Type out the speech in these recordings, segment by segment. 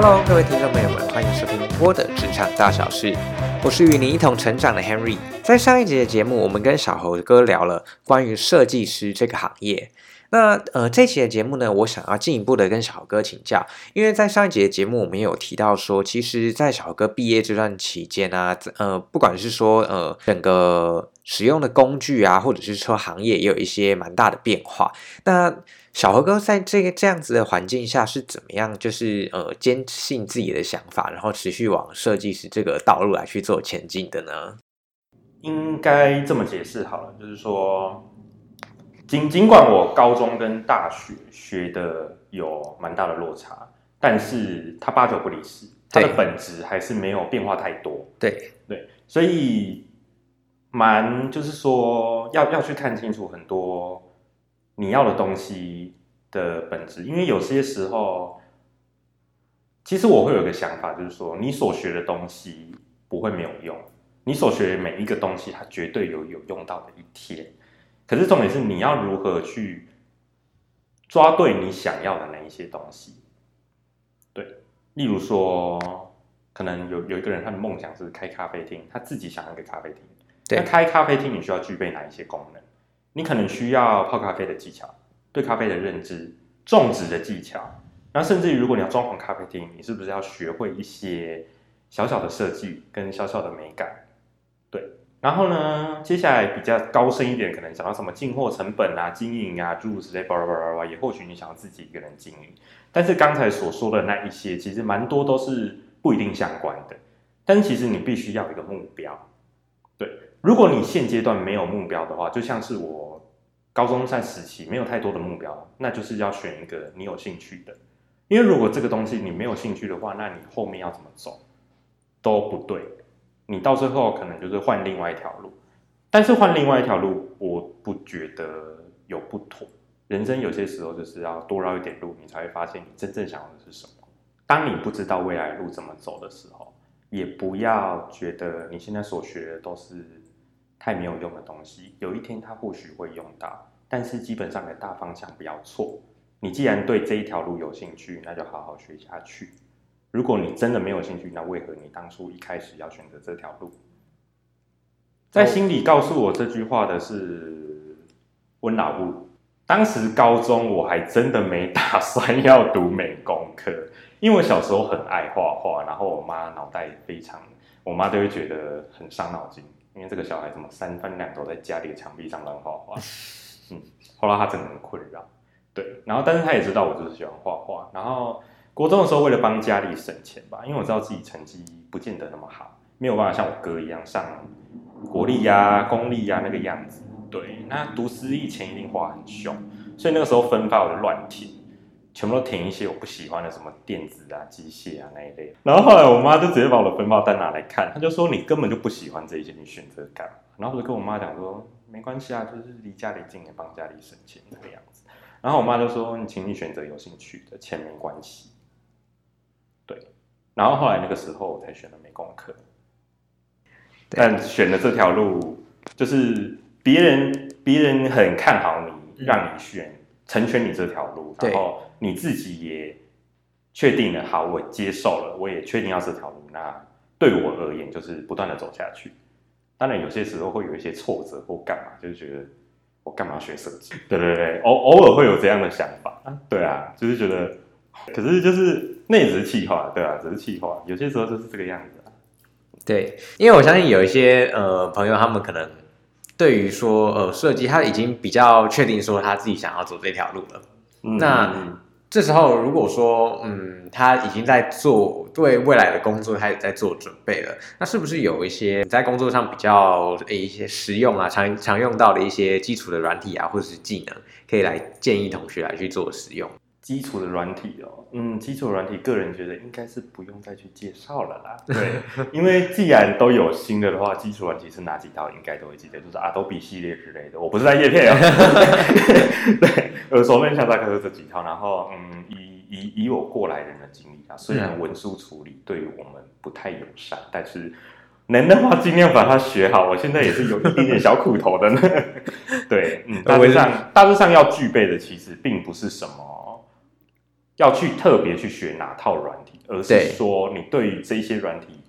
Hello，各位聽眾朋友們，歡迎收聽《我的職場大小事》，我是與你一同成長的 Henry。在上一集的節目，我們跟小猴哥聊了關於設計師這個行業。那呃，這期的節目呢，我想要進一步的跟小猴哥請教，因為在上一集的節目我們也有提到說，其實，在小猴哥畢業這段期間啊，呃，不管是說呃整個使用的工具啊，或者是說行業也有一些蠻大的變化。那小何哥在這個這樣子的環境下是怎麼樣，就是呃，堅信自己的想法，然後持續往設計師這個道路來去做前進的呢？應該這麼解釋好了，就是說，儘儘管我高中跟大學學的有蠻大的落差，但是他八九不離十，對他的本質還是沒有變化太多。對對，所以。蠻就是說，要要去看清楚很多你要的東西的本質，因為有些時候，其實我會有一個想法，就是說，你所學的東西不會沒有用，你所學每一個東西，它絕對有有用到的一天。可是重點是，你要如何去抓對你想要的那一些東西。對，例如說，可能有有一個人，他的夢想是開咖啡廳，他自己想要個咖啡廳。對那開咖啡廳你需要具備哪一些功能？你可能需要泡咖啡的技巧、對咖啡的認知、種植的技巧，然後甚至於如果你要裝潢咖啡廳，你是不是要學會一些小小的設計跟小小的美感？對，然後呢，接下來比較高深一點，可能想到什麼進貨成本啊、經營啊，諸如此類巴拉巴拉，也或許你想要自己一個人經營，但是剛才所說的那一些其實蠻多都是不一定相關的，但其實你必須要有一個目標。如果你現階段沒有目標的話，就像是我高中在時期沒有太多的目標，那就是要選一個你有興趣的。因為如果這個東西你沒有興趣的話，那你後面要怎麼走都不對。你到最後可能就是換另外一條路，但是換另外一條路，我不覺得有不妥。人生有些時候就是要多繞一點路，你才會發現你真正想要的是什麼。當你不知道未來路怎麼走的時候，也不要覺得你現在所學的都是。太沒有用的東西，有一天它或許會用到，但是基本上的大方向不要錯。你既然對這一條路有興趣，那就好好學下去。如果你真的沒有興趣，那為何你當初一開始要選擇這條路？在心裡告訴我這句話的是溫老布。當時高中我還真的沒打算要讀美工科，因為我小時候很愛畫畫，然後我媽腦袋非常，我媽都會覺得很傷腦筋。因為這個小孩，怎麼三番兩頭在家裡的牆壁上亂畫畫？嗯，後來他真的很困擾，對，然後但是他也知道我就是喜歡畫畫，然後國中的時候為了幫家裡省錢吧，因為我知道自己成績不見得那麼好，沒有辦法像我哥一樣上國立呀、啊、公立呀、啊、那個樣子，對，那讀私立前一定花很兇，所以那個時候分發我的亂貼。全部都填一些我不喜歡的，什麼電子啊、機械啊那一類。然後後來我媽就直接把我的分報單拿來看，她就說：“你根本就不喜歡這些，你選擇幹嘛？”然後我就跟我媽講說：“沒關係啊，就是離家裡近也幫家裡省錢那個樣子。”然後我媽就說：“你請你選擇有興趣的，錢沒關係。”對，然後後來那個時候我才選了美工科，對但選的這條路就是別人別人很看好你，讓你選成全你這條路，對然後。你自己也確定了，好，我接受了，我也確定要這條路。那對我而言，就是不斷的走下去。當然，有些時候會有一些挫折或幹嘛，就是覺得我幹嘛要學設計？對對對，偶偶爾會有這樣的想法、啊。對啊，就是覺得，可是就是那也只是氣話，對啊，只是氣話。有些時候就是這個樣子、啊。對，因為我相信有一些呃朋友，他們可能對於說呃設計，他已經比較確定說他自己想要走這條路了。嗯嗯嗯那這時候，如果說，嗯，他已經在做對未來的工作，他也在做準備了，那是不是有一些在工作上比較，誒，一些實用啊，常常用到的一些基礎的軟體啊，或者是技能，可以來建議同學來去做使用？基礎的軟體哦，嗯，基礎軟體，個人覺得應該是不用再去介紹了啦。對，因為既然都有新的的話，基礎軟體是哪幾套，應該都會記得，就是 Adobe 系列之類的。我不是在葉片哦、啊， 對，呃，所們想大概是這幾套。然後，嗯，以以以我過來人的經歷啊，雖然文書處理對我們不太友善，嗯、但是能的話盡量把它學好。我現在也是有一點點小苦頭的呢。 對，嗯，大致上大致上要具備的其實並不是什麼。要去特別去學哪套軟體，而是說你對於這些軟體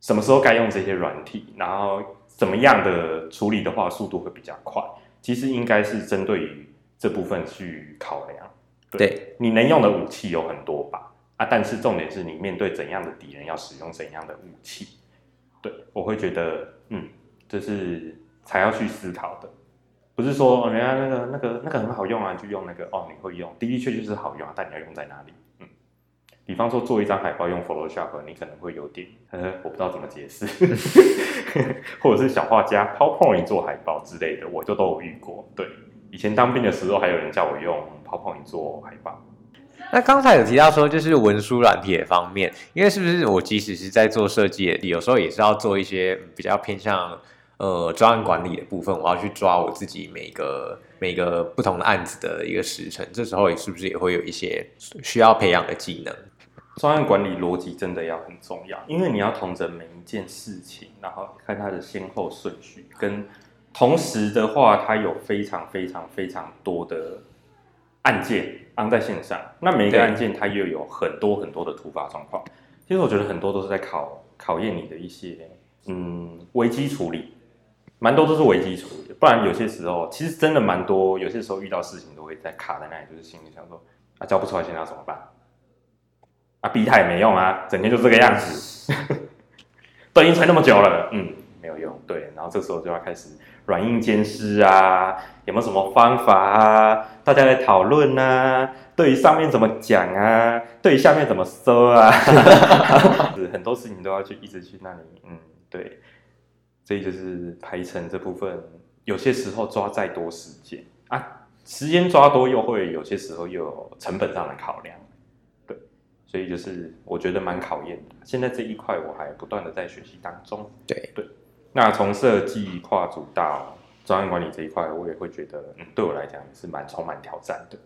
什麼時候該用這些軟體，然後怎麼樣的處理的話，速度會比較快。其實應該是針對於這部分去考量。對你能用的武器有很多把，啊，但是重點是你面對怎樣的敵人要使用怎樣的武器。對我會覺得，嗯，這是才要去思考的。不是說人家、哦、那個那個那個很好用啊，就用那個哦，你會用的的確確是好用啊，但你要用在哪裡？嗯，比方說做一張海報用 Photoshop，你可能會有點呵呵，我不知道怎麼解釋， 或者是小畫家 PowerPoint 做海報之類的，我就都有遇過。對，以前當兵的時候還有人叫我用 PowerPoint 做海報。那剛才有提到說，就是文書軟體方面，因為是不是我即使是在做設計，有時候也是要做一些比較偏向，呃，專案管理的部分，我要去抓我自己每個每個不同的案子的一個時程，這時候是不是也會有一些需要培養的技能？專案管理邏輯真的要很重要，因為你要統籌每一件事情，然後看它的先後順序。跟同時的話，它有非常非常非常多的案件安在線上，那每一個案件它又有很多很多的突發狀況。對其實我覺得很多都是在考考驗你的一些嗯危機處理。蠻多都是為基礎，不然有些時候其實真的蠻多，有些時候遇到事情都會在卡在那裡，就是心裡想說啊，交不出來現在要怎麼辦？啊逼他也沒用啊，整天就這個樣子，嗯、 都已經催那麼久了，嗯，沒有用。對，然後這時候就要開始軟硬兼施啊，有沒有什麼方法啊？大家來討論啊，對於上面怎麼講啊，對於下面怎麼收啊？ 很多事情都要去一直去那裡，嗯，對。所以就是排程這部分，有些時候抓再多時間啊，時間抓多又會有些時候又有成本上的考量，對，所以就是我覺得蠻考驗的。現在這一塊我還不斷的在學習當中，對對。那從設計跨組到專案管理這一塊，我也會覺得，嗯，對我來講是蠻充滿挑戰的。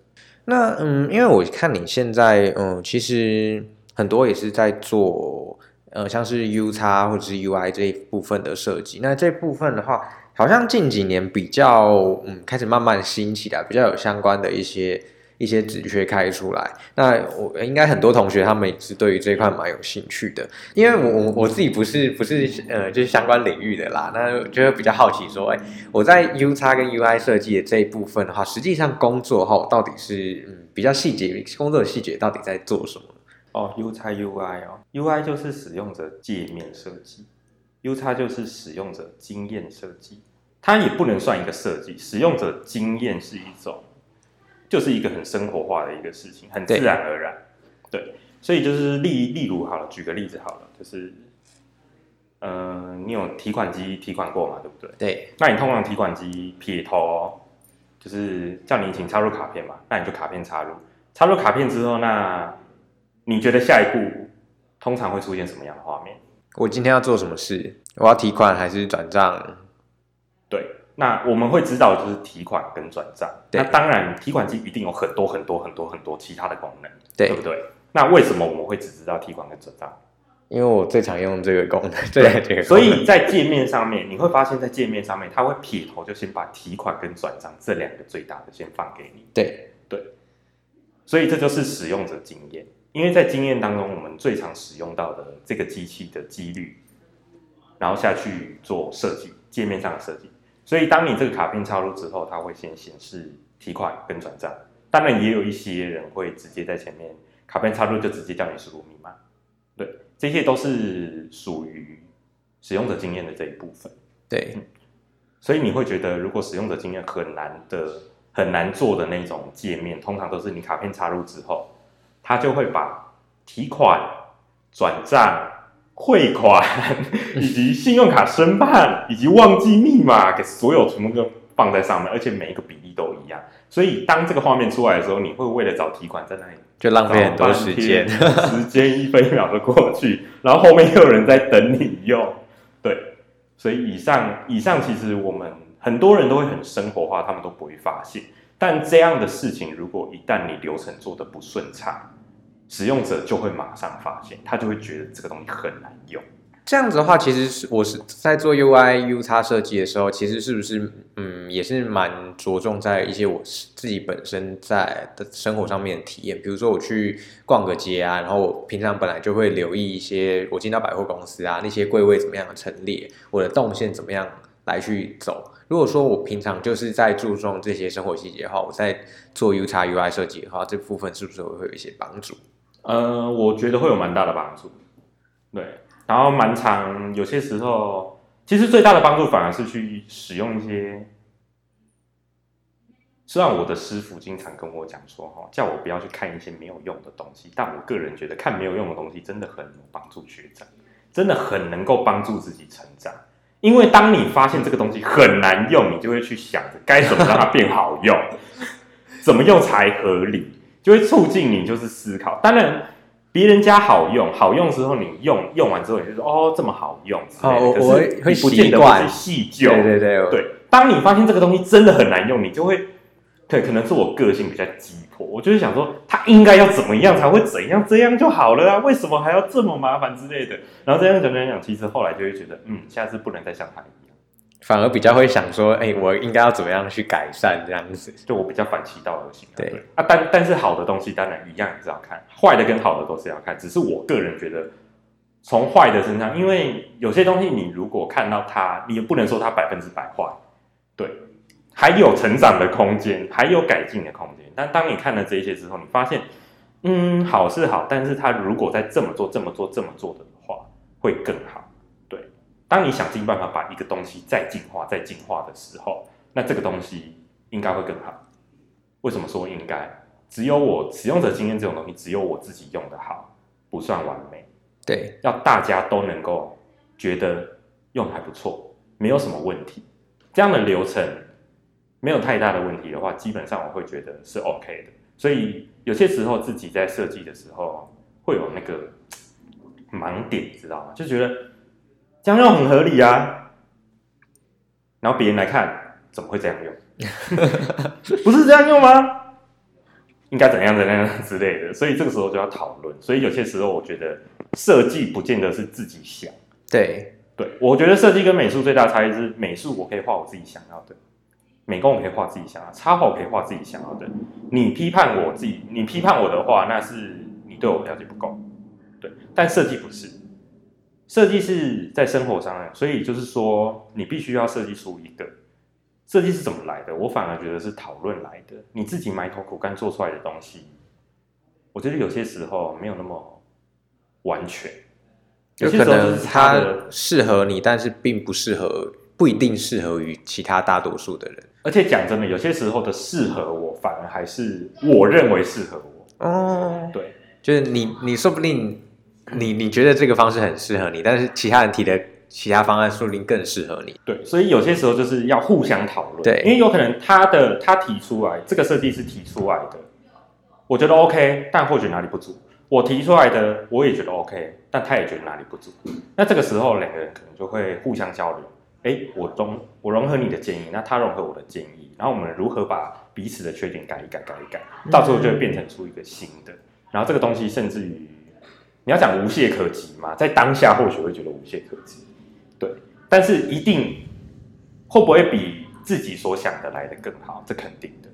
那嗯，因為我看你現在嗯，其實很多也是在做。呃，像是 UX 或者是 UI 這一部分的設計，那這部分的話，好像近幾年比較，嗯，開始慢慢興起來比較有相關的一些一些職缺開出來，那我應該很多同學他們也是對於這一塊蠻有興趣的，因為我我我自己不是不是呃就是相關領域的啦，那就會比較好奇說，哎，我在 UX 跟 UI 設計的這一部分的話，實際上工作後到底是嗯比較細節工作的細節到底在做什麼？哦，UX UI 哦，UI 就是使用者界面設計，UX 就是使用者經驗設計。它也不能算一個設計，使用者經驗是一種，就是一個很生活化的一個事情，很自然而然。對，對，所以就是例例如好了，舉個例子好了，就是，嗯、呃，你有提款機提款過嘛？對不對？對。那你通常提款機撇頭、哦，就是叫你請插入卡片嘛？那你就卡片插入，插入卡片之後那。你覺得下一步通常會出現什麼樣的畫面？我今天要做什麼事？我要提款還是轉賬？對，那我們會知道的就是提款跟轉賬。對那當然提款機一定有很多很多很多很多其他的功能，對，對不對？那為什麼我們會只知道提款跟轉賬？因為我最常用這個功能，對， 所以，在界面上面 你會發現在界面上面，他會撇頭就先把提款跟轉賬這兩個最大的先放給你。對，對。所以這就是使用者經驗，因為在經驗當中，我們最常使用到的這個機器的幾率，然後下去做設計，界面上的設計。所以當你這個卡片插入之後，它會先顯示提款跟轉賬。當然也有一些人會直接在前面卡片插入就直接叫你輸入密碼。對，這些都是屬於使用者經驗的這一部分。對，所以你會覺得如果使用者經驗很難的。很難做的那種界面，通常都是你卡片插入之後，它就會把提款、轉賬、匯款以及信用卡申辦以及忘記密碼給所有全部都放在上面，而且每一個比例都一樣。所以當這個畫面出來的時候，的你會為了找提款在那裡，就浪費很多時間，時間一分一秒的過去， 然後後面又有人在等你用。對，所以以上以上其實我們。很多人都會很生活化，他們都不會發現。但這樣的事情，如果一旦你流程做得不順暢，使用者就會馬上發現，他就會覺得這個東西很難用。這樣子的話，其實是我是在做 UI UX 設計的時候，其實是不是嗯，也是蠻着重在一些我自己本身在的生活上面體驗。比如說我去逛個街啊，然後我平常本來就會留意一些，我進到百貨公司啊，那些櫃位怎麼樣的陳列，我的動線怎麼樣來去走。如果說我平常就是在注重這些生活細節的話，我在做 UXUI 設計的話，這部分是不是會有一些幫助？嗯、呃，我覺得會有蠻大的幫助。對，然後蠻常，有些時候，其實最大的幫助反而是去使用一些。雖然我的師傅經常跟我講說，哈，叫我不要去看一些沒有用的東西，但我個人覺得看沒有用的東西真的很幫助學長，真的很能夠幫助自己成長。因為當你發現這個東西很難用，你就會去想着該怎麼讓它變好用， 怎麼用才合理，就會促進你就是思考。當然，別人家好用，好用的時候，你用，用完之後你就說，哦，這麼好用。哦，我是我會，會不斷慣細究。對對對，對。當你發現這個東西真的很難用，你就會對，可能是我個性比較急。我就是想說，他應該要怎麼樣才會怎樣，這樣就好了啊？為什麼還要這麼麻煩之類的？然後這樣講講講，其實後來就會覺得，嗯，下次不能再像他一樣，反而比較會想說，哎、欸，我應該要怎麼樣去改善這樣子？對就我比較反其道而行、啊。對，對啊，但但是好的東西當然一樣也是要看，壞的跟好的都是要看，只是我個人覺得，從壞的身上，因為有些東西你如果看到它，你也不能說它百分之百壞，對，還有成長的空間，還有改進的空間。但當你看了這些之後，你發現，嗯，好是好，但是它如果再這麼做、這麼做、這麼做的話，會更好。對，當你想盡辦法把一個東西再進化、再進化的時候，那這個東西應該會更好。為什麼說應該？只有我使用者經驗這種東西，只有我自己用的好，不算完美。對，要大家都能夠覺得用的還不錯，沒有什麼問題，這樣的流程。沒有太大的問題的話，基本上我會覺得是 OK 的。所以有些時候自己在設計的時候會有那個盲點，知道嗎？就覺得這樣用很合理啊，然後別人來看怎麼會這樣用？ 不是這樣用嗎？應該怎，怎樣怎樣之類的。所以這個時候就要討論。所以有些時候我覺得設計不見得是自己想。對對，我覺得設計跟美術最大差異是美術我可以畫我自己想要的。美工我可以畫自己想要，插畫我可以畫自己想要的。你批判我自己，你批判我的話，那是你對我了解不夠。對，但設計不是，設計是在生活上啊，所以就是說，你必須要設計出一個設計是怎麼來的？我反而覺得是討論來的。你自己埋頭苦幹做出來的東西，我覺得有些時候沒有那麼完全，有些時候它適合你，但是並不適合。不一定適合於其他大多數的人，而且講真的，有些時候的適合我，反而還是我認為適合我。哦、嗯，對，就是你，你說不定你你覺得這個方式很適合你，但是其他人提的其他方案說不定更適合你。對，所以有些時候就是要互相討論。對，因為有可能他的他提出來這個設計是提出來的，我覺得 OK，但或許哪裡不足。我提出來的我也覺得 OK，但他也覺得哪裡不足。那這個時候兩個人可能就會互相交流。哎，我融我融合你的建議，那他融合我的建議，然後我們如何把彼此的缺點改一改、改一改，到時候就會變成出一個新的。然後這個東西，甚至於你要講無懈可擊嘛，在當下或許會覺得無懈可擊，對。但是一定會不會比自己所想的來的更好？這肯定的。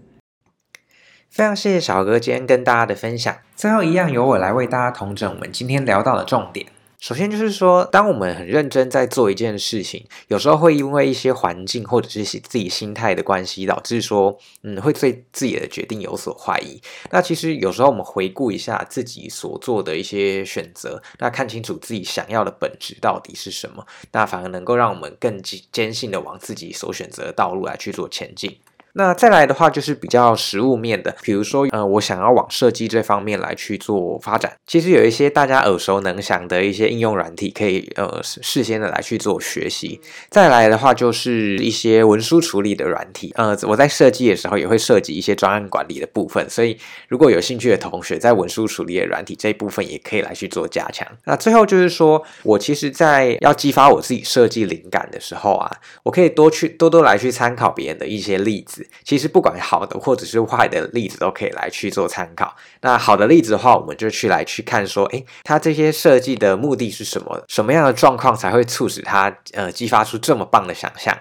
非常謝謝小哥今天跟大家的分享。最後一樣由我來為大家統整我們今天聊到的重點。首先就是說，當我們很認真在做一件事情，有時候會因為一些環境或者是自己心態的關係，導致說，嗯，會對自己的決定有所懷疑。那其實有時候我們回顧一下自己所做的一些選擇，那看清楚自己想要的本質到底是什麼，那反而能夠讓我們更堅堅信的往自己所選擇的道路來去做前進。那再來的話就是比較實務面的，比如說呃，我想要往設計這方面來去做發展，其實有一些大家耳熟能詳的一些應用軟體，可以呃事先的來去做學習。再來的話就是一些文書處理的軟體，呃，我在設計的時候也會涉及一些專案管理的部分，所以如果有興趣的同學，在文書處理的軟體這一部分也可以來去做加強。那最後就是說我其實，在要激發我自己設計靈感的時候啊，我可以多去多多來去參考別人的一些例子。其實不管好的或者是壞的例子，都可以來去做參考。那好的例子的話，我們就去來去看，說，誒，它這些設計的目的是什麼？什麼樣的狀況才會促使它，呃，激發出這麼棒的想像？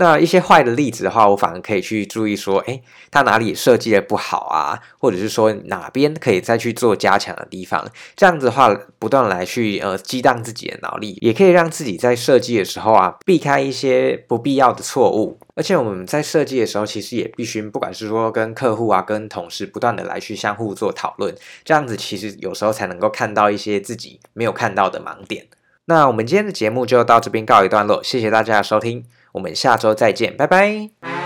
那一些壞的例子的話，我反而可以去注意說，哎，它哪裡設計得不好啊，或者是說哪邊可以再去做加強的地方，這樣子的話，不斷來去呃激盪自己的腦力，也可以讓自己在設計的時候啊，避開一些不必要的錯誤。而且我們在設計的時候，其實也必須，不管是說跟客戶啊，跟同事不斷地來去相互做討論，這樣子其實有時候才能夠看到一些自己沒有看到的盲點。那我們今天的節目就到這邊告一段落，謝謝大家的收聽。我們下周再見，拜拜。